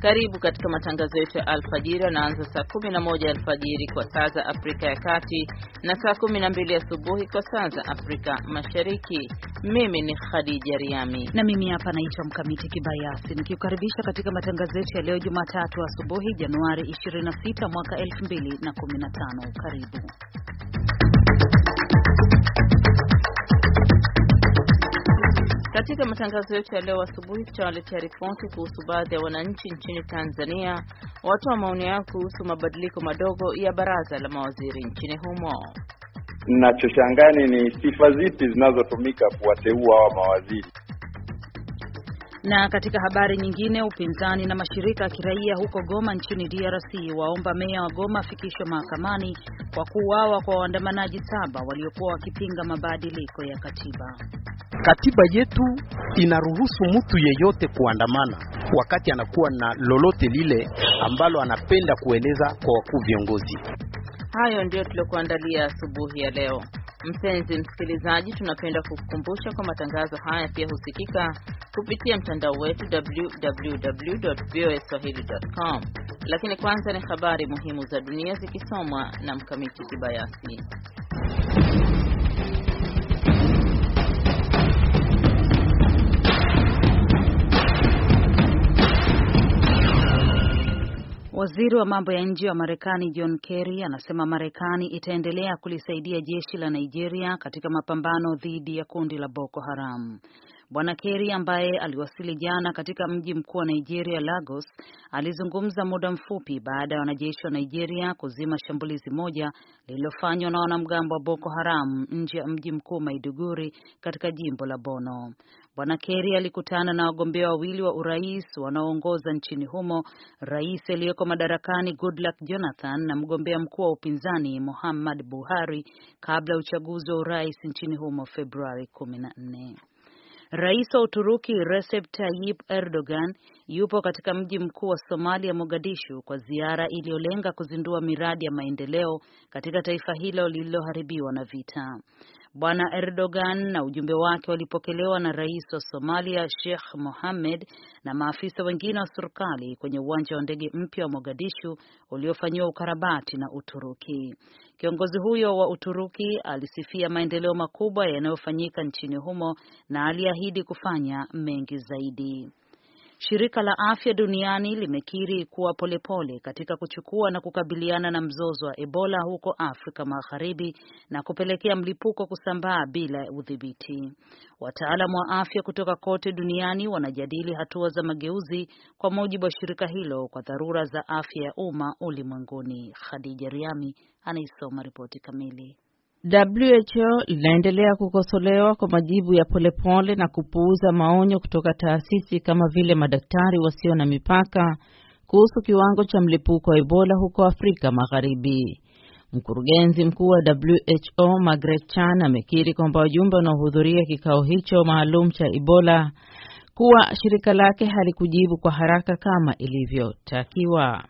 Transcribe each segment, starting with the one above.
Karibu katika matangazo yetu ya alfajiri yanaanza saa 11 alfajiri kwa saa za Afrika ya Kati na saa 12 asubuhi kwa saa za Afrika Mashariki. Mimi ni Khadija Riami na mimi hapa naitwa Mkamiti Kibayasi nikiukaribisha katika matangazo yetu ya leo Jumatatu asubuhi, Januari 26 mwaka 2015. Karibu Katika matangazo yetu ya leo asubuhi tutawaletea ripoti kuhusu baadhi ya wananchi nchini Tanzania watoa maoni yao kuhusu mabadiliko madogo ya baraza la mawaziri nchini humo. Nachoshangani ni sifa zipi zinazotumika kuwateua hawa mawaziri. Na katika habari nyingine, upinzani na mashirika ya kiraia huko Goma nchini DRC waomba meya wa Goma afikishwe mahakamani kwa kuuawa kwa waandamanaji saba waliokuwa wakipinga mabadiliko ya katiba. Katiba yetu inaruhusu mtu yeyote kuandamana wakati anakuwa na lolote lile ambalo anapenda kueleza kwa wakuu viongozi. Hayo ndiyo tuliokuandalia asubuhi ya leo. Mpenzi msikilizaji, tunapenda kukukumbusha kwa matangazo haya pia husikika kupitia mtandao wetu www.voaswahili.com. Lakini kwanza ni habari muhimu za dunia zikisomwa na Mkamiti Kibayasi. Waziri wa mambo ya nje wa Marekani John Kerry anasema Marekani itaendelea kulisaidia jeshi la Nigeria katika mapambano dhidi ya kundi la Boko Haram. Bwana Kerry ambaye aliwasili jana katika mji mkuu wa Nigeria, Lagos, alizungumza muda mfupi baada ya wanajeshi wa Nigeria kuzima shambulizi moja lililofanywa na wanamgambo wa Boko Haram nje ya mji mkuu Maiduguri katika jimbo la bono Bwana Kerry alikutana na wagombea wawili wa urais wanaoongoza nchini humo, rais aliyeko madarakani Goodluck Jonathan na mgombea mkuu wa upinzani Muhammad Buhari kabla ya uchaguzi wa urais nchini humo Februari 14. Rais wa Uturuki Recep Tayyip Erdogan yupo katika mji mkuu wa Somalia Mogadishu kwa ziara iliyolenga kuzindua miradi ya maendeleo katika taifa hilo lililoharibiwa na vita. Bwana Erdogan na ujumbe wake walipokelewa na rais wa Somalia Sheikh Mohamed na maafisa wengine wa serikali kwenye uwanja wa ndege mpya wa Mogadishu uliofanyiwa ukarabati na Uturuki. Kiongozi huyo wa Uturuki alisifia maendeleo makubwa yanayofanyika nchini humo na aliahidi kufanya mengi zaidi. Shirika la Afya Duniani limekiri kuwa polepole katika kuchukua na kukabiliana na mzozo wa Ebola huko Afrika Magharibi na kupelekea mlipuko kusambaa bila udhibiti. Wataalamu wa afya kutoka kote duniani wanajadili hatua za mageuzi kwa mujibu wa shirika hilo kwa dharura za afya ya umma ulimwenguni. Khadija Riami anaisoma ripoti kamili. WHO linaendelea kukosolewa kwa majibu ya polepole na kupuuza maonyo kutoka taasisi kama vile madaktari wasio na mipaka kuhusu kiwango cha mlipuko wa Ebola huko Afrika Magharibi. Mkurugenzi mkuu wa WHO Margaret Chan amekiri kwamba wajumbe wanaohudhuria kikao hicho maalum cha Ebola kuwa shirika lake halikujibu kwa haraka kama ilivyotakiwa.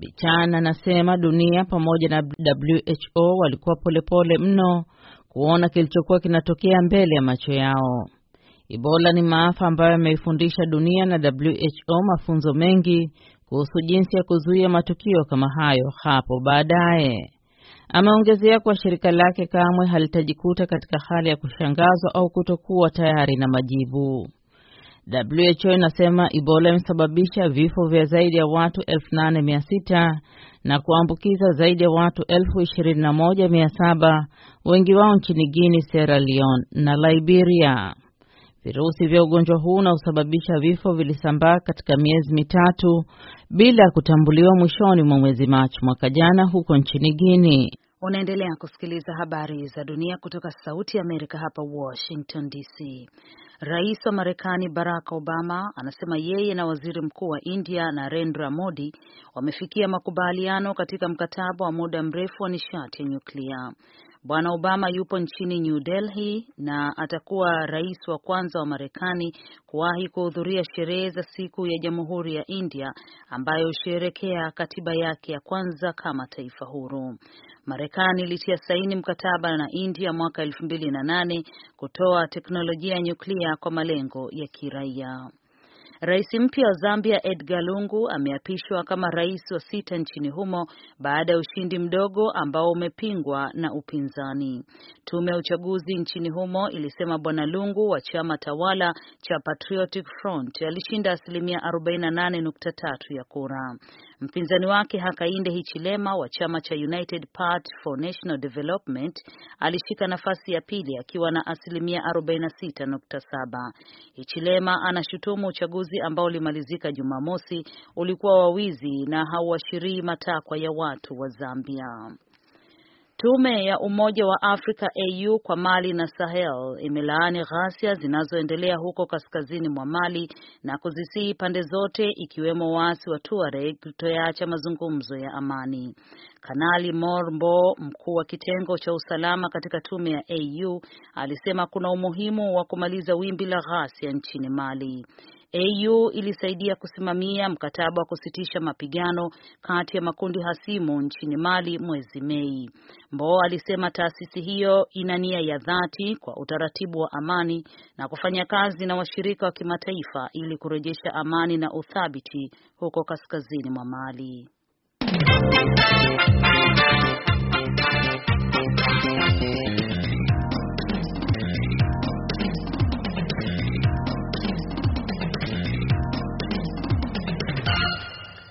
Bichana anasema dunia pamoja na WHO walikuwa polepole pole mno kuona kilichokuwa kinatokea mbele ya macho yao. Ebola ni maafa ambayo yameifundisha dunia na WHO mafunzo mengi kuhusu jinsi ya kuzuia matukio kama hayo hapo baadaye. Ameongezea kuwa shirika lake kamwe halitajikuta katika hali ya kushangazwa au kutokuwa tayari na majibu. WHO inasema Ebola imesababisha vifo vya zaidi ya watu 8600 na kuambukiza zaidi ya watu 21700 wengi wao nchini Guinea, Sierra Leone na Liberia. Virusi vya ugonjwa huu unaosababisha vifo vilisambaa katika miezi mitatu bila kutambuliwa mwishoni mwa mwezi Machi mwaka jana huko nchini Guinea. Unaendelea kusikiliza habari za dunia kutoka Sauti ya Amerika hapa Washington DC. Rais wa Marekani Barack Obama anasema yeye na waziri mkuu wa India Narendra Modi wamefikia makubaliano katika mkataba wa muda mrefu wa nishati ya nyuklia. Bwana Obama yupo nchini New Delhi na atakuwa rais wa kwanza wa Marekani kuwahi kuhudhuria sherehe za siku ya Jamhuri ya India ambayo husherekea katiba yake ya kwanza kama taifa huru. Marekani ilitia saini mkataba na India mwaka 2008 kutoa teknolojia ya nyuklia kwa malengo ya kiraia. Rais mpya wa Zambia Edgar Lungu ameapishwa kama rais wa sita nchini humo baada ya ushindi mdogo ambao umepingwa na upinzani. Tume ya uchaguzi nchini humo ilisema Bwana Lungu wa chama tawala cha Patriotic Front alishinda asilimia 48.3 ya kura. Mpinzani wake Hakainde Hichilema wa chama cha United Party for National Development alishika nafasi ya pili akiwa na asilimia 46.7. Hichilema anashutumu uchaguzi ambao ulimalizika Jumamosi ulikuwa wawizi na hauashirii matakwa ya watu wa Zambia. Tume ya Umoja wa Afrika AU kwa Mali na Sahel imelaani ghasia zinazoendelea huko kaskazini mwa Mali na kuzisihi pande zote ikiwemo waasi wa Tuareg kutoyaacha mazungumzo ya amani. Kanali morbo mkuu wa kitengo cha usalama katika tume ya AU, alisema kuna umuhimu wa kumaliza wimbi la ghasia nchini Mali. AU ilisaidia kusimamia mkataba wa kusitisha mapigano kati ya makundi hasimu nchini Mali mwezi Mei. Mbo alisema taasisi hiyo ina nia ya dhati kwa utaratibu wa amani na kufanya kazi na washirika wa kimataifa ili kurejesha amani na uthabiti huko kaskazini mwa Mali.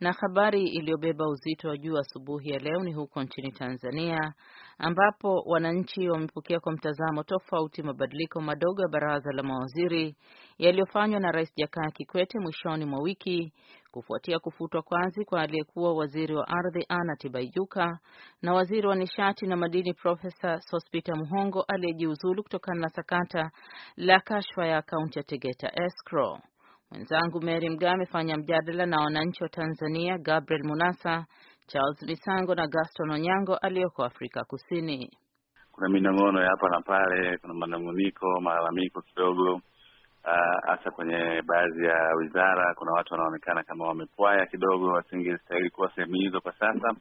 Na habari iliyobeba uzito wa juu asubuhi ya leo ni huko nchini Tanzania ambapo wananchi wamepokea kwa mtazamo tofauti mabadiliko madogo ya baraza la mawaziri yaliyofanywa na Rais Jakaya Kikwete mwishoni mwa wiki kufuatia kufutwa kwazi kwa aliyekuwa waziri wa ardhi Anna Tibaijuka na waziri wa nishati na madini Profesa Sospeter Muhongo aliyejiuzulu kutokana na sakata la kashfa ya akaunti ya Tegeta Escrow. Mwenzangu Mary Mgawe amefanya mjadala na wananchi wa Tanzania Gabriel Munasa, Charles Misango na Gaston Onyango aliyoko Afrika Kusini. Kuna minong'ono ya hapa na pale, kuna manunguniko, malalamiko kidogo, ah, hasa kwenye baadhi ya wizara. Kuna watu wanaonekana kama wamepwaya kidogo, wasingestahili kuwa sehemu hizo kwa sasa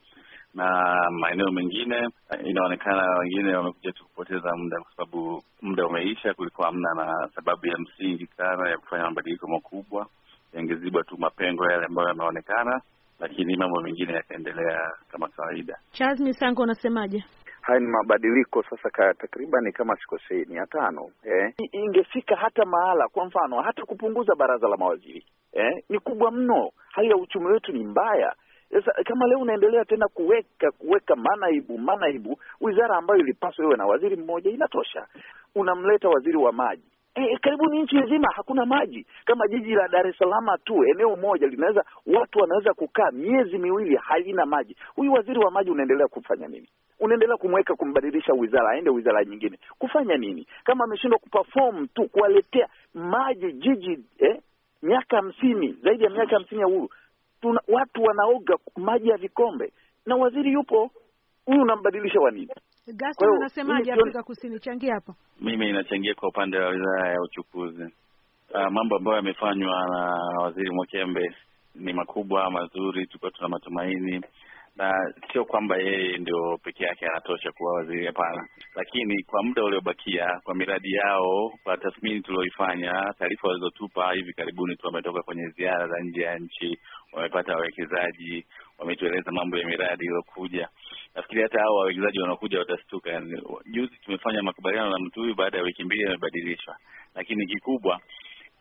na maeneo mengine inaonekana wengine wamekuja tu kupoteza muda, kwa sababu muda umeisha, kulikuwa hamna na sababu ya msingi sana ya kufanya mabadiliko makubwa. Yangezibwa tu mapengo yale ambayo yameonekana lakini mambo mengine yakaendelea kama kawaida. Charles Misango, unasemaje? Haya ni mabadiliko sasa, takriban kama sikosei ni ya tano eh. Ingefika hata mahala, kwa mfano hata kupunguza baraza la mawaziri eh, ni kubwa mno. Hali ya uchumi wetu ni mbaya. Sasa kama leo unaendelea tena kuweka kuweka manaibu manaibu, wizara ambayo ilipaswa iwe na waziri mmoja inatosha. Unamleta waziri wa maji e, karibuni nchi nzima hakuna maji. Kama jiji la Dar es Salaam tu eneo moja linaweza watu wanaweza kukaa miezi miwili halina maji, huyu waziri wa maji unaendelea kufanya nini? unaendelea kumweka kumbadilisha wizara aende wizara nyingine kufanya nini? Kama ameshindwa kuperform tu kuwaletea maji jiji eh, miaka hamsini zaidi ya miaka hamsini ya uhuru, tuna, watu wanaoga maji ya vikombe na waziri yupo huyu, unambadilisha wa nini? Afrika Kusini changia hapo. Mimi inachangia kwa upande wa wizara ya uchukuzi. Uh, mambo ambayo yamefanywa na waziri Mwakembe ni makubwa mazuri, tulikuwa tuna matumaini na sio kwamba yeye ndio peke yake anatosha kuwa waziri, hapana. Lakini kwa muda uliobakia kwa miradi yao, kwa tathmini tulioifanya, taarifa walizotupa hivi karibuni tu, wametoka kwenye ziara za nje ya nchi, wamepata wawekezaji, wametueleza mambo ya miradi iliyokuja. Nafikiri hata hao wawekezaji wanaokuja watastuka. Yani, juzi tumefanya makubaliano na mtu huyu, baada ya wiki mbili amebadilishwa, lakini kikubwa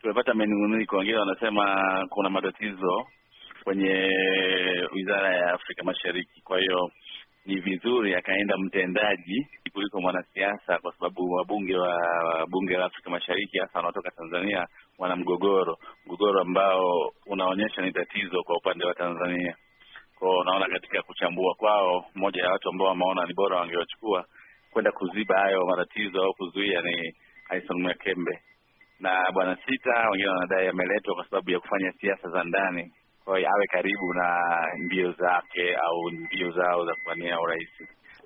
tumepata manunguniko. Wengine wanasema kuna matatizo kwenye wizara ya Afrika Mashariki, kwa hiyo ni vizuri akaenda mtendaji kuliko mwanasiasa, kwa sababu wabunge wa bunge la Afrika Mashariki hasa wanaotoka Tanzania wana mgogoro, mgogoro ambao unaonyesha ni tatizo kwa upande wa Tanzania. Kwa unaona, katika kuchambua kwao, mmoja ya watu ambao wameona ni bora wangewachukua kwenda kuziba hayo matatizo au kuzuia ni Aison Mwakembe na Bwana Sita, wengine wanadai ameletwa kwa sababu ya kufanya siasa za ndani awe karibu na mbio zake au mbio zao za kuwania urais?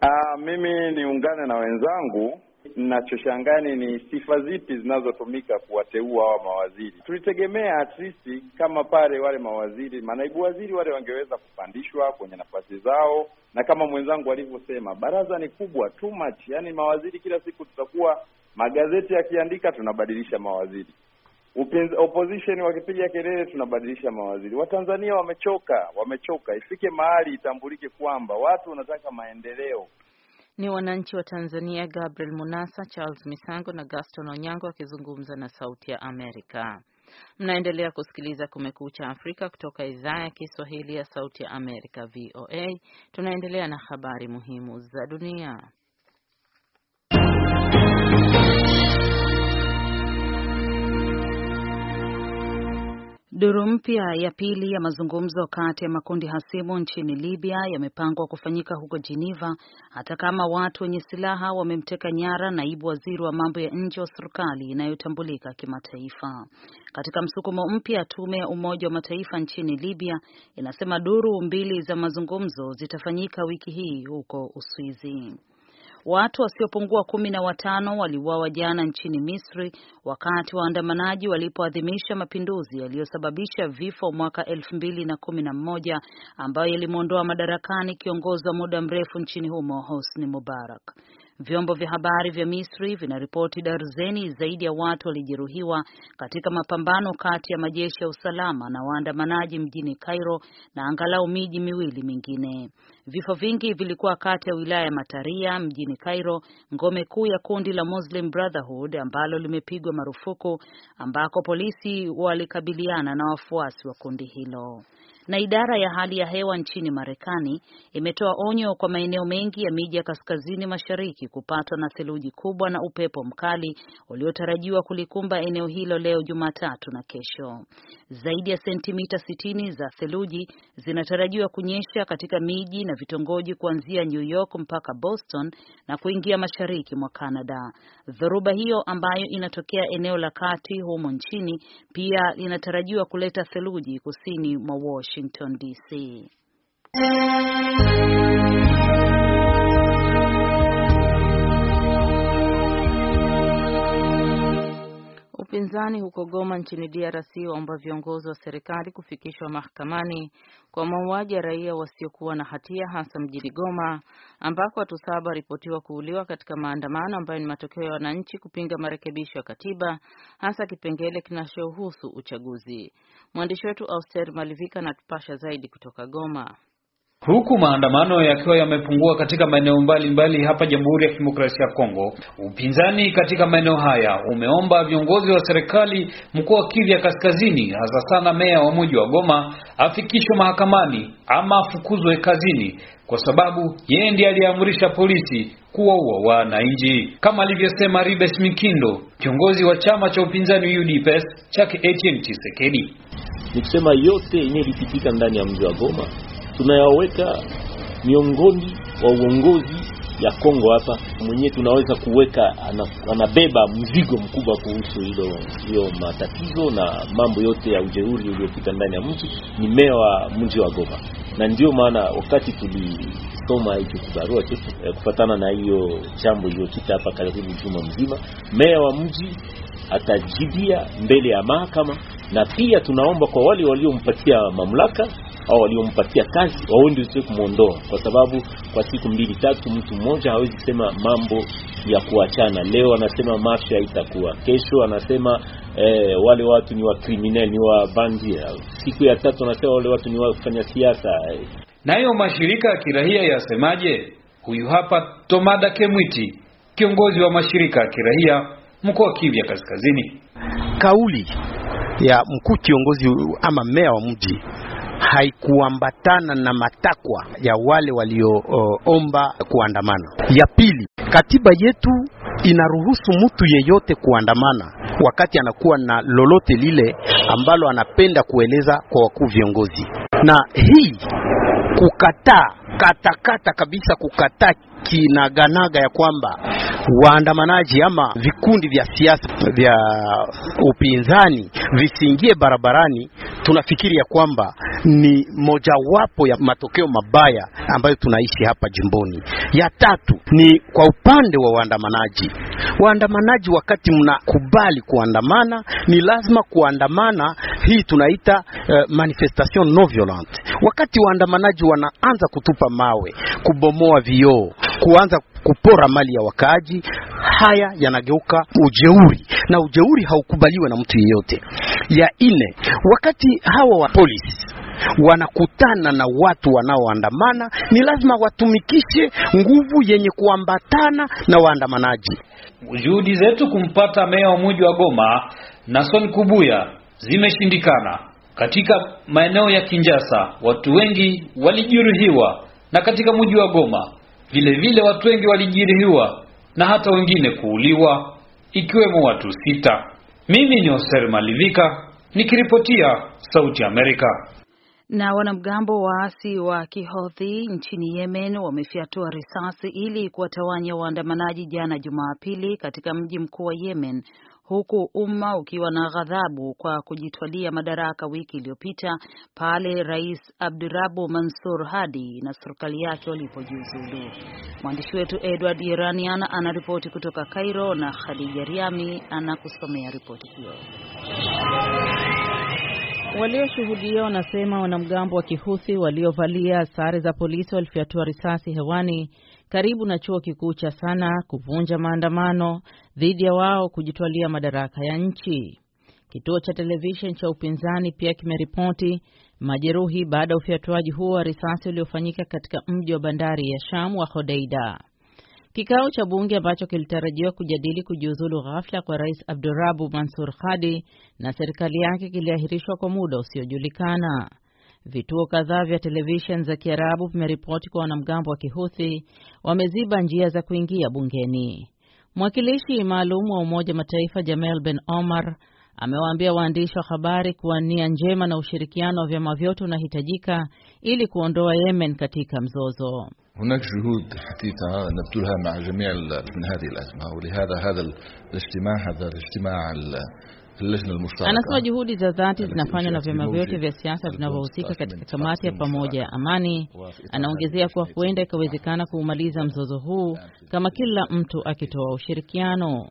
Ah, mimi niungane na wenzangu Nachoshangani ni sifa zipi zinazotumika kuwateua hawa mawaziri. Tulitegemea sisi kama pale wale mawaziri, manaibu waziri wale wangeweza kupandishwa kwenye nafasi zao, na kama mwenzangu alivyosema, baraza ni kubwa, too much. Yani mawaziri kila siku tutakuwa magazeti yakiandika, tunabadilisha mawaziri. Upinza, opposition wakipiga kelele tunabadilisha mawaziri. Watanzania wamechoka, wamechoka. Ifike mahali itambulike kwamba watu wanataka maendeleo. Ni wananchi wa Tanzania. Gabriel Munasa, Charles Misango na Gaston Onyango wakizungumza na Sauti ya Amerika. Mnaendelea kusikiliza Kumekucha Afrika kutoka idhaa ya Kiswahili ya Sauti ya Amerika, VOA. Tunaendelea na habari muhimu za dunia. Duru mpya ya pili ya mazungumzo kati ya makundi hasimu nchini Libya yamepangwa kufanyika huko Geneva, hata kama watu wenye silaha wamemteka nyara naibu waziri wa mambo ya nje wa serikali inayotambulika kimataifa. Katika msukumo mpya, tume ya Umoja wa Mataifa nchini Libya inasema duru mbili za mazungumzo zitafanyika wiki hii huko Uswizi. Watu wasiopungua kumi na watano waliuawa jana nchini Misri wakati waandamanaji walipoadhimisha mapinduzi yaliyosababisha vifo mwaka elfu mbili na kumi na mmoja ambayo yalimwondoa madarakani kiongozi wa muda mrefu nchini humo Hosni Mubarak. Vyombo vya habari vya Misri vinaripoti darzeni zaidi ya watu walijeruhiwa katika mapambano kati ya majeshi ya usalama na waandamanaji mjini Cairo na angalau miji miwili mingine. Vifo vingi vilikuwa kati ya wilaya ya Mataria mjini Cairo, ngome kuu ya kundi la Muslim Brotherhood ambalo limepigwa marufuku, ambako polisi walikabiliana na wafuasi wa kundi hilo na idara ya hali ya hewa nchini Marekani imetoa onyo kwa maeneo mengi ya miji ya kaskazini mashariki kupatwa na theluji kubwa na upepo mkali uliotarajiwa kulikumba eneo hilo leo Jumatatu na kesho. Zaidi ya sentimita sitini za theluji zinatarajiwa kunyesha katika miji na vitongoji kuanzia New York mpaka Boston na kuingia mashariki mwa Canada. Dhoruba hiyo ambayo inatokea eneo la kati humo nchini pia inatarajiwa kuleta theluji kusini mwa Washington, D.C. Upinzani huko Goma nchini DRC waomba viongozi wa serikali kufikishwa mahakamani kwa mauaji ya raia wasiokuwa na hatia hasa mjini Goma ambako watu saba waripotiwa kuuliwa katika maandamano ambayo ni matokeo ya wananchi kupinga marekebisho ya katiba hasa kipengele kinachohusu uchaguzi. Mwandishi wetu Auster Malivika anatupasha zaidi kutoka Goma. Huku maandamano yakiwa yamepungua katika maeneo mbalimbali hapa Jamhuri ya Kidemokrasia ya Kongo, upinzani katika maeneo haya umeomba viongozi wa serikali mkoa wa Kivu ya Kaskazini, hasa sana meya wa mji wa Goma afikishwe mahakamani ama afukuzwe kazini, kwa sababu yeye ndiye aliyeamrisha polisi kuwaua wananchi, kama alivyosema Ribes Mikindo, kiongozi wa chama cha upinzani UDPS chake Etienne Tshisekedi. Nikisema yote yenye ilipitika ndani ya mji wa Goma tunayaweka miongoni wa uongozi ya Kongo hapa mwenyewe tunaweza kuweka anabeba mzigo mkubwa kuhusu hilo hiyo matatizo na mambo yote ya ujeuri uliopita ndani ya mji. Ni meya wa mji wa Goma, na ndio maana wakati tulisoma hicho kibarua chetu eh, kufatana na hiyo chambo iliyopita hapa karibu juma mzima, meya wa mji atajibia mbele ya mahakama, na pia tunaomba kwa wale waliompatia mamlaka au waliompatia kazi ndio sio kumwondoa, kwa sababu kwa siku mbili tatu mtu mmoja hawezi sema mambo ya kuachana. Leo anasema mafia itakuwa, kesho anasema eh, wale watu ni wa criminal, ni wa bandia, siku ya tatu anasema wale watu ni kufanya siasa. Nayo mashirika ya kirahia yasemaje? Huyu hapa Tomada Kemwiti, kiongozi wa mashirika ya kirahia mkoa wa Kivu ya Kaskazini. Kauli ya mkuu kiongozi ama meya wa mji haikuambatana na matakwa ya wale walioomba kuandamana. Ya pili, katiba yetu inaruhusu mtu yeyote kuandamana wakati anakuwa na lolote lile ambalo anapenda kueleza kwa wakuu viongozi, na hii kukataa katakata kabisa, kukataa kinaganaga ya kwamba waandamanaji ama vikundi vya siasa vya upinzani visiingie barabarani, tunafikiri ya kwamba ni mojawapo ya matokeo mabaya ambayo tunaishi hapa jimboni. Ya tatu ni kwa upande wa waandamanaji. Waandamanaji, wakati mnakubali kuandamana, ni lazima kuandamana hii tunaita uh, manifestation non violente. Wakati waandamanaji wanaanza kutupa mawe, kubomoa vioo, kuanza kupora mali ya wakaaji, haya yanageuka ujeuri, na ujeuri haukubaliwe na mtu yeyote. Ya ine, wakati hawa wa polisi wanakutana na watu wanaoandamana, ni lazima watumikishe nguvu yenye kuambatana na waandamanaji. Juhudi zetu kumpata meya wa mji wa Goma Nason Kubuya zimeshindikana. Katika maeneo ya Kinjasa watu wengi walijeruhiwa, na katika mji wa Goma vile vile watu wengi walijeruhiwa na hata wengine kuuliwa, ikiwemo watu sita. Mimi ni Oser Malivika nikiripotia Sauti Amerika. Na wanamgambo waasi wa Kihodhi nchini Yemen wamefyatua risasi ili kuwatawanya waandamanaji jana Jumapili katika mji mkuu wa Yemen huku umma ukiwa na ghadhabu kwa kujitwalia madaraka wiki iliyopita pale Rais Abdurabu Mansur Hadi na serikali yake walipojiuzulu. Mwandishi wetu Edward Iranian anaripoti kutoka Cairo na Khadija Riami anakusomea ripoti hiyo. Walioshuhudia wanasema wanamgambo wa Kihuthi waliovalia sare za polisi walifyatua risasi hewani karibu na chuo kikuu cha sana kuvunja maandamano dhidi ya wao kujitwalia madaraka ya nchi. Kituo cha televisheni cha upinzani pia kimeripoti majeruhi baada ya ufyatuaji huo wa risasi uliofanyika katika mji wa bandari ya Sham wa Hodeida. Kikao cha bunge ambacho kilitarajiwa kujadili kujiuzulu ghafla kwa Rais Abdurabu Mansur Hadi na serikali yake kiliahirishwa kwa muda usiojulikana. Vituo kadhaa vya televisheni za Kiarabu vimeripoti kwa wanamgambo wa Kihuthi wameziba njia za kuingia bungeni. Mwakilishi maalum wa Umoja Mataifa Jamel Ben Omar amewaambia waandishi wa habari kuwa nia njema na ushirikiano wa vyama vyote unahitajika ili kuondoa Yemen katika mzozo. hunak juhud hakika nabtulha maa jamii min hadhihi wa lihadha hadha hadha Anasema juhudi za dhati zinafanywa na vyama vyote vya siasa vinavyohusika katika kamati ya pamoja ya amani. Anaongezea kuwa huenda ikawezekana kuumaliza mzozo huu kama kila mtu akitoa ushirikiano.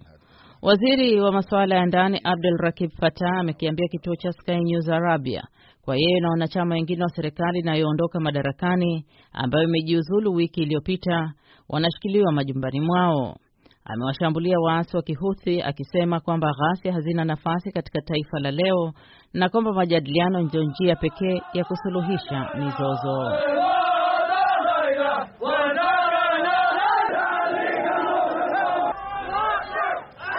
Waziri wa masuala ya ndani Abdul Rakib Fatah amekiambia kituo cha Sky News Arabia kwa yeye na wanachama wengine wa serikali inayoondoka madarakani ambayo imejiuzulu wiki iliyopita wanashikiliwa majumbani mwao amewashambulia waasi wa Kihuthi akisema kwamba ghasia hazina nafasi katika taifa la leo na kwamba majadiliano ndio njia pekee ya kusuluhisha mizozo.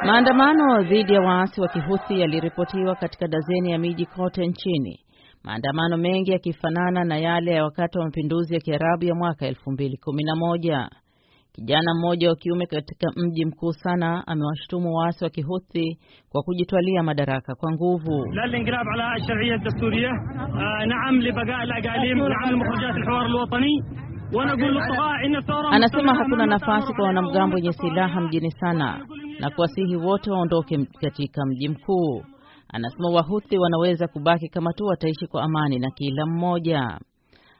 Maandamano dhidi ya waasi wa Kihuthi yaliripotiwa katika dazeni ya miji kote nchini, maandamano mengi yakifanana na yale ya wakati wa mapinduzi ya Kiarabu ya mwaka 2011. Kijana mmoja wa kiume katika mji mkuu Sana amewashutumu waasi wa Kihuthi kwa kujitwalia madaraka kwa nguvu. Ah, Anasema hakuna nafasi kwa wanamgambo wenye silaha mjini Sana na kuwasihi wote waondoke katika mji mkuu. Anasema Wahuthi wanaweza kubaki kama tu wataishi kwa amani na kila mmoja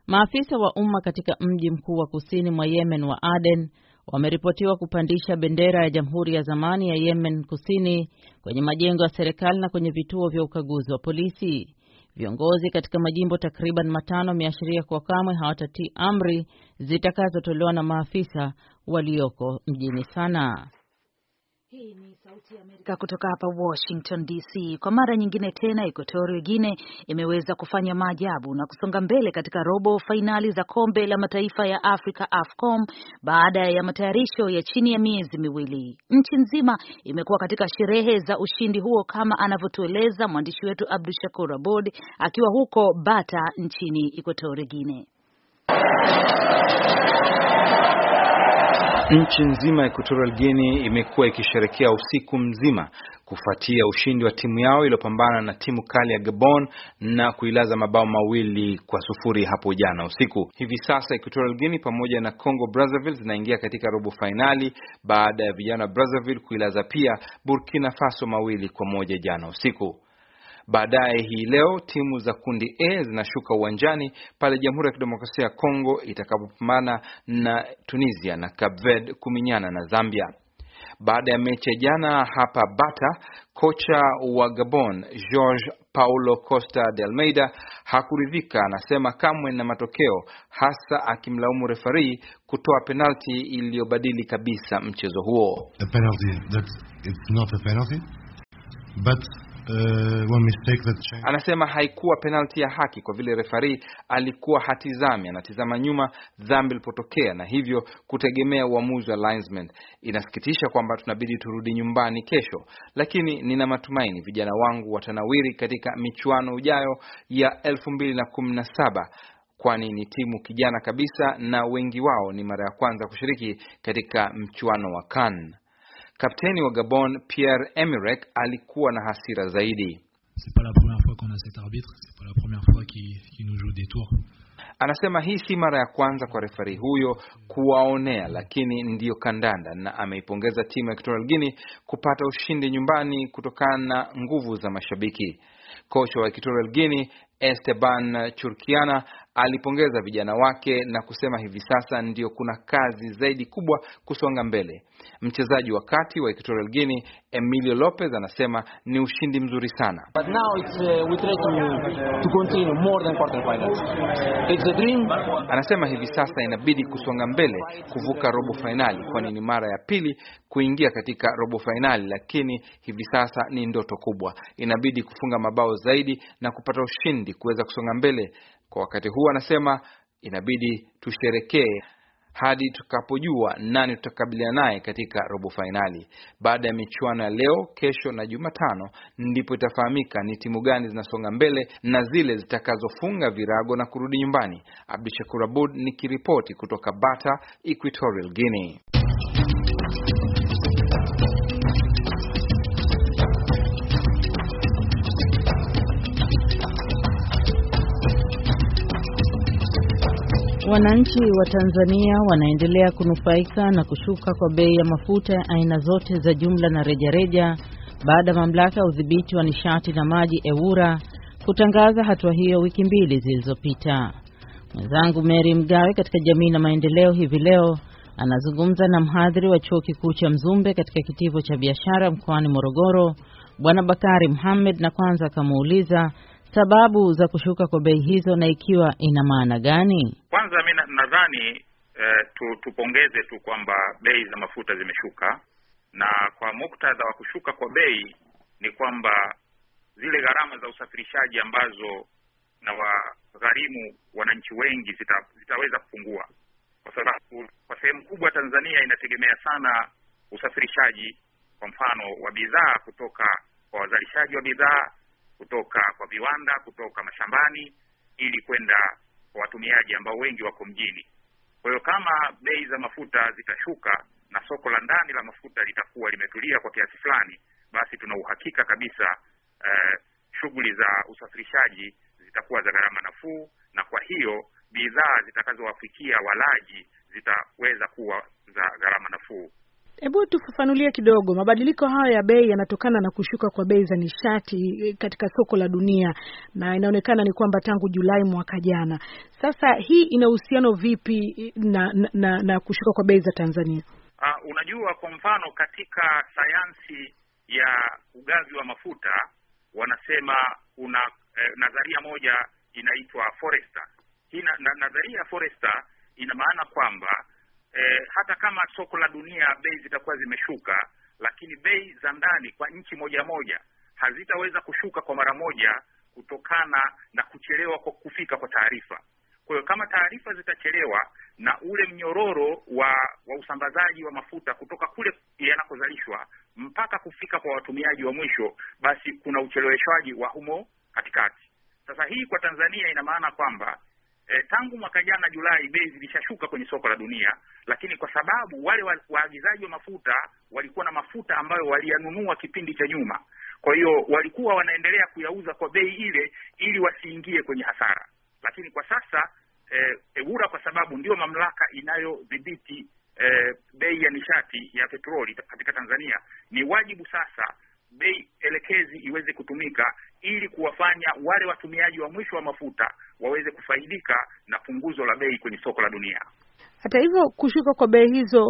Maafisa wa umma katika mji mkuu wa kusini mwa Yemen wa Aden wameripotiwa kupandisha bendera ya jamhuri ya zamani ya Yemen Kusini kwenye majengo ya serikali na kwenye vituo vya ukaguzi wa polisi. Viongozi katika majimbo takriban matano wameashiria kwa kamwe hawatatii amri zitakazotolewa na maafisa walioko mjini Sanaa. Hii ni Sauti ya Amerika kutoka hapa Washington DC. Kwa mara nyingine tena, Equatorio Guine imeweza kufanya maajabu na kusonga mbele katika robo fainali za kombe la mataifa ya Afrika AFCOM baada ya matayarisho ya chini ya miezi miwili. Nchi nzima imekuwa katika sherehe za ushindi huo, kama anavyotueleza mwandishi wetu Abdu Shakur Abod akiwa huko Bata nchini Equatorio Guine. Nchi nzima ya Equatorial Guinea imekuwa ikisherekea usiku mzima kufuatia ushindi wa timu yao iliyopambana na timu kali ya Gabon na kuilaza mabao mawili kwa sufuri hapo jana usiku. Hivi sasa Equatorial Guinea pamoja na Congo Brazzaville zinaingia katika robo fainali baada ya vijana wa Brazzaville kuilaza pia Burkina Faso mawili kwa moja jana usiku. Baadaye hii leo timu za kundi A zinashuka uwanjani pale Jamhuri ya Kidemokrasia ya Kongo itakapopambana na Tunisia na Cape Verde kuminyana na Zambia. Baada ya mechi ya jana hapa Bata, kocha wa Gabon George Paulo Costa de Almeida hakuridhika, anasema kamwe na matokeo, hasa akimlaumu refari kutoa penalti iliyobadili kabisa mchezo huo. Uh, Anasema haikuwa penalti ya haki kwa vile refari alikuwa hatizami, anatizama nyuma dhambi ilipotokea na hivyo kutegemea uamuzi wa linesman. Inasikitisha kwamba tunabidi turudi nyumbani kesho, lakini nina matumaini vijana wangu watanawiri katika michuano ujayo ya elfu mbili na kumi na saba kwani ni timu kijana kabisa na wengi wao ni mara ya kwanza kushiriki katika mchuano wa kan Kapteni wa Gabon Pierre Emerick alikuwa na hasira zaidi. Anasema hii si mara ya kwanza kwa refari huyo kuwaonea, lakini ndiyo kandanda, na ameipongeza timu ya Equatorial Guinea kupata ushindi nyumbani kutokana na nguvu za mashabiki. Kocha wa Equatorial Guinea Esteban Churkiana alipongeza vijana wake na kusema hivi sasa ndio kuna kazi zaidi kubwa kusonga mbele. Mchezaji wa kati wa Equatorial Guinea Emilio Lopez anasema ni ushindi mzuri sana. Anasema hivi sasa inabidi kusonga mbele kuvuka robo fainali, kwani ni mara ya pili kuingia katika robo fainali, lakini hivi sasa ni ndoto kubwa, inabidi kufunga mabao zaidi na kupata ushindi wikendi kuweza kusonga mbele. Kwa wakati huu, anasema inabidi tusherekee hadi tukapojua nani tutakabiliana naye katika robo fainali. Baada ya michuano ya leo, kesho na Jumatano, ndipo itafahamika ni timu gani zinasonga mbele na zile zitakazofunga virago na kurudi nyumbani. shakur Abud nikiripoti kutoka Bata, Equatorial Guinea. Wananchi wa Tanzania wanaendelea kunufaika na kushuka kwa bei ya mafuta ya aina zote za jumla na rejareja baada ya mamlaka ya udhibiti wa nishati na maji EWURA kutangaza hatua hiyo wiki mbili zilizopita. Mwenzangu Mary Mgawe katika jamii na maendeleo hivi leo anazungumza na mhadhiri wa chuo kikuu cha Mzumbe katika kitivo cha biashara mkoani Morogoro, Bwana Bakari Mohamed, na kwanza akamuuliza sababu za kushuka kwa bei hizo na ikiwa ina maana gani? Kwanza mi nadhani eh, tu, tupongeze tu kwamba bei za mafuta zimeshuka, na kwa muktadha wa kushuka kwa bei ni kwamba zile gharama za usafirishaji ambazo na wagharimu wananchi wengi zita, zitaweza kupungua, kwa sababu kwa sehemu kubwa Tanzania inategemea sana usafirishaji, kwa mfano wa bidhaa kutoka kwa wazalishaji wa bidhaa kutoka kwa viwanda, kutoka mashambani, ili kwenda kwa watumiaji ambao wengi wako mjini. Kwa hiyo kama bei za mafuta zitashuka na soko la ndani la mafuta litakuwa limetulia kwa kiasi fulani, basi tuna uhakika kabisa eh, shughuli za usafirishaji zitakuwa za gharama nafuu, na kwa hiyo bidhaa zitakazowafikia walaji zitaweza kuwa za gharama nafuu. Hebu tufafanulie kidogo, mabadiliko haya ya bei yanatokana na kushuka kwa bei za nishati eh, katika soko la dunia, na inaonekana ni kwamba tangu Julai mwaka jana. Sasa hii ina uhusiano vipi eh, na, na, na, na kushuka kwa bei za Tanzania? Uh, unajua kwa mfano katika sayansi ya ugavi wa mafuta wanasema una eh, nadharia moja inaitwa Forester. Hii nadharia ya Forester ina maana kwamba eh, hata kama soko la dunia bei zitakuwa zimeshuka, lakini bei za ndani kwa nchi moja moja hazitaweza kushuka kwa mara moja kutokana na kuchelewa kwa kufika kwa taarifa. Kwa hiyo kama taarifa zitachelewa na ule mnyororo wa, wa usambazaji wa mafuta kutoka kule yanakozalishwa mpaka kufika kwa watumiaji wa mwisho, basi kuna ucheleweshwaji wa humo katikati. Sasa hii kwa Tanzania ina maana kwamba E, tangu mwaka jana Julai bei zilishashuka kwenye soko la dunia, lakini kwa sababu wale waagizaji wa mafuta walikuwa na mafuta ambayo waliyanunua kipindi cha nyuma, kwa hiyo walikuwa wanaendelea kuyauza kwa bei ile ili wasiingie kwenye hasara. Lakini kwa sasa e, EWURA kwa sababu ndiyo mamlaka inayodhibiti e, bei ya nishati ya petroli katika Tanzania, ni wajibu sasa bei elekezi iweze kutumika ili kuwafanya wale watumiaji wa mwisho wa mafuta waweze kufaidika na punguzo la bei kwenye soko la dunia. Hata hivyo, kushuka kwa bei hizo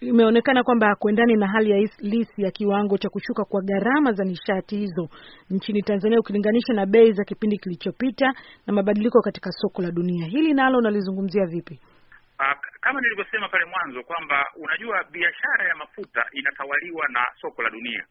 imeonekana kwamba hakuendani na hali ya lisi ya kiwango cha kushuka kwa gharama za nishati hizo nchini Tanzania ukilinganisha na bei za kipindi kilichopita na mabadiliko katika soko la dunia. Hili nalo unalizungumzia vipi? Ah, kama nilivyosema pale mwanzo kwamba unajua biashara ya mafuta inatawaliwa na soko la dunia.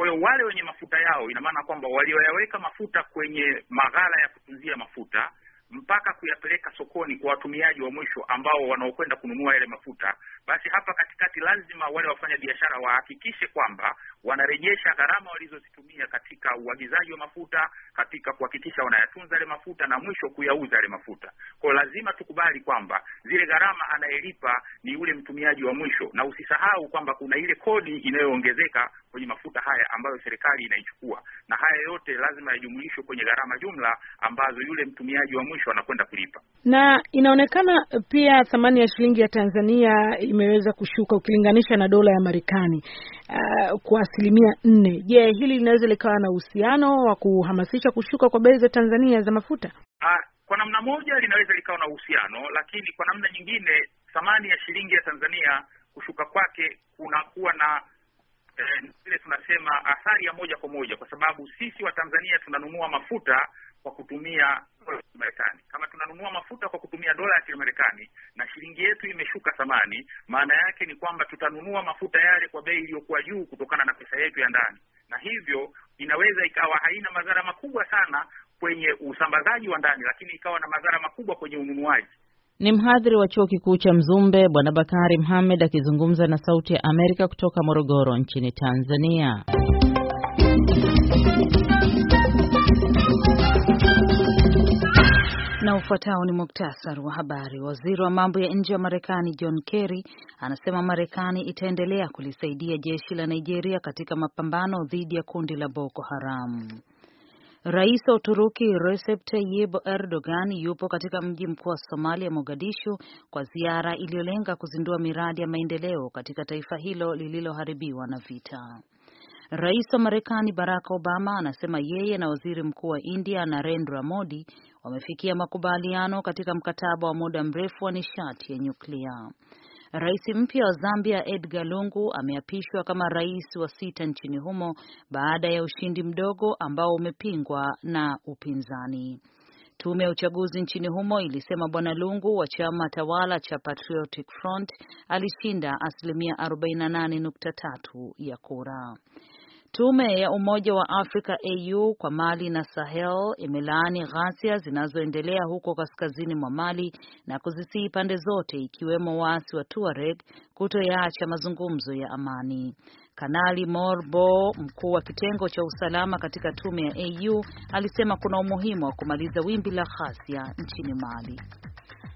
Kwa hiyo wale wenye mafuta yao, ina maana kwamba walioyaweka mafuta kwenye maghala ya kutunzia mafuta mpaka kuyapeleka sokoni kwa watumiaji wa mwisho ambao wanaokwenda kununua yale mafuta, basi hapa katikati lazima wale wafanya biashara wahakikishe kwamba wanarejesha gharama walizozitumia katika uagizaji wa mafuta, katika kuhakikisha wanayatunza yale mafuta na mwisho kuyauza yale mafuta. Kwa lazima tukubali kwamba zile gharama anayelipa ni yule mtumiaji wa mwisho, na usisahau kwamba kuna ile kodi inayoongezeka kwenye mafuta haya ambayo serikali inaichukua, na haya yote lazima yajumuishwe kwenye gharama jumla ambazo yule mtumiaji wa mwisho mwisho anakwenda kulipa. Na inaonekana pia thamani ya shilingi ya Tanzania imeweza kushuka ukilinganisha na dola ya Marekani uh, kwa asilimia nne. Je, hili linaweza likawa na uhusiano wa kuhamasisha kushuka kwa bei za Tanzania za mafuta? Uh, kwa namna moja linaweza likawa na uhusiano, lakini kwa namna nyingine thamani ya shilingi ya Tanzania kushuka kwake kunakuwa na eh, vile tunasema athari ya moja kwa moja, kwa sababu sisi wa tanzania tunanunua mafuta kwa kutumia dola ya Kimarekani. Kama tunanunua mafuta kwa kutumia dola ya Kimarekani na shilingi yetu imeshuka thamani, maana yake ni kwamba tutanunua mafuta yale kwa bei iliyokuwa juu kutokana na pesa yetu ya ndani, na hivyo inaweza ikawa haina madhara makubwa sana kwenye usambazaji wa ndani, lakini ikawa na madhara makubwa kwenye ununuaji. Ni mhadhiri wa chuo kikuu cha Mzumbe Bwana Bakari Mohamed akizungumza na Sauti ya Amerika kutoka Morogoro nchini Tanzania. Na ufuatao ni muktasar wa habari. Waziri wa mambo ya nje wa Marekani John Kerry anasema Marekani itaendelea kulisaidia jeshi la Nigeria katika mapambano dhidi ya kundi la Boko Haram. Rais wa Uturuki Recep Tayyip Erdogan yupo katika mji mkuu wa Somalia, Mogadishu, kwa ziara iliyolenga kuzindua miradi ya maendeleo katika taifa hilo lililoharibiwa na vita. Rais wa Marekani Barack Obama anasema yeye na waziri mkuu wa India Narendra Modi wamefikia makubaliano katika mkataba wa muda mrefu wa nishati ya nyuklia. Rais mpya wa Zambia Edgar Lungu ameapishwa kama rais wa sita nchini humo baada ya ushindi mdogo ambao umepingwa na upinzani. Tume ya uchaguzi nchini humo ilisema bwana Lungu wa chama tawala cha Patriotic Front alishinda asilimia 48.3 ya kura. Tume ya Umoja wa Afrika AU kwa Mali na Sahel imelaani ghasia zinazoendelea huko kaskazini mwa Mali na kuzisihi pande zote ikiwemo waasi wa Tuareg kutoyaacha mazungumzo ya amani. Kanali Morbo, mkuu wa kitengo cha usalama katika tume ya AU, alisema kuna umuhimu wa kumaliza wimbi la ghasia nchini Mali.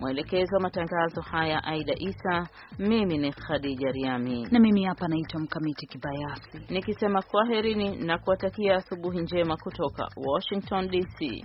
Mwelekezi wa matangazo haya Aida Isa, mimi ni Khadija Riami na mimi hapa naitwa Mkamiti Kibayasi, nikisema kwaherini na kuwatakia asubuhi njema kutoka Washington DC.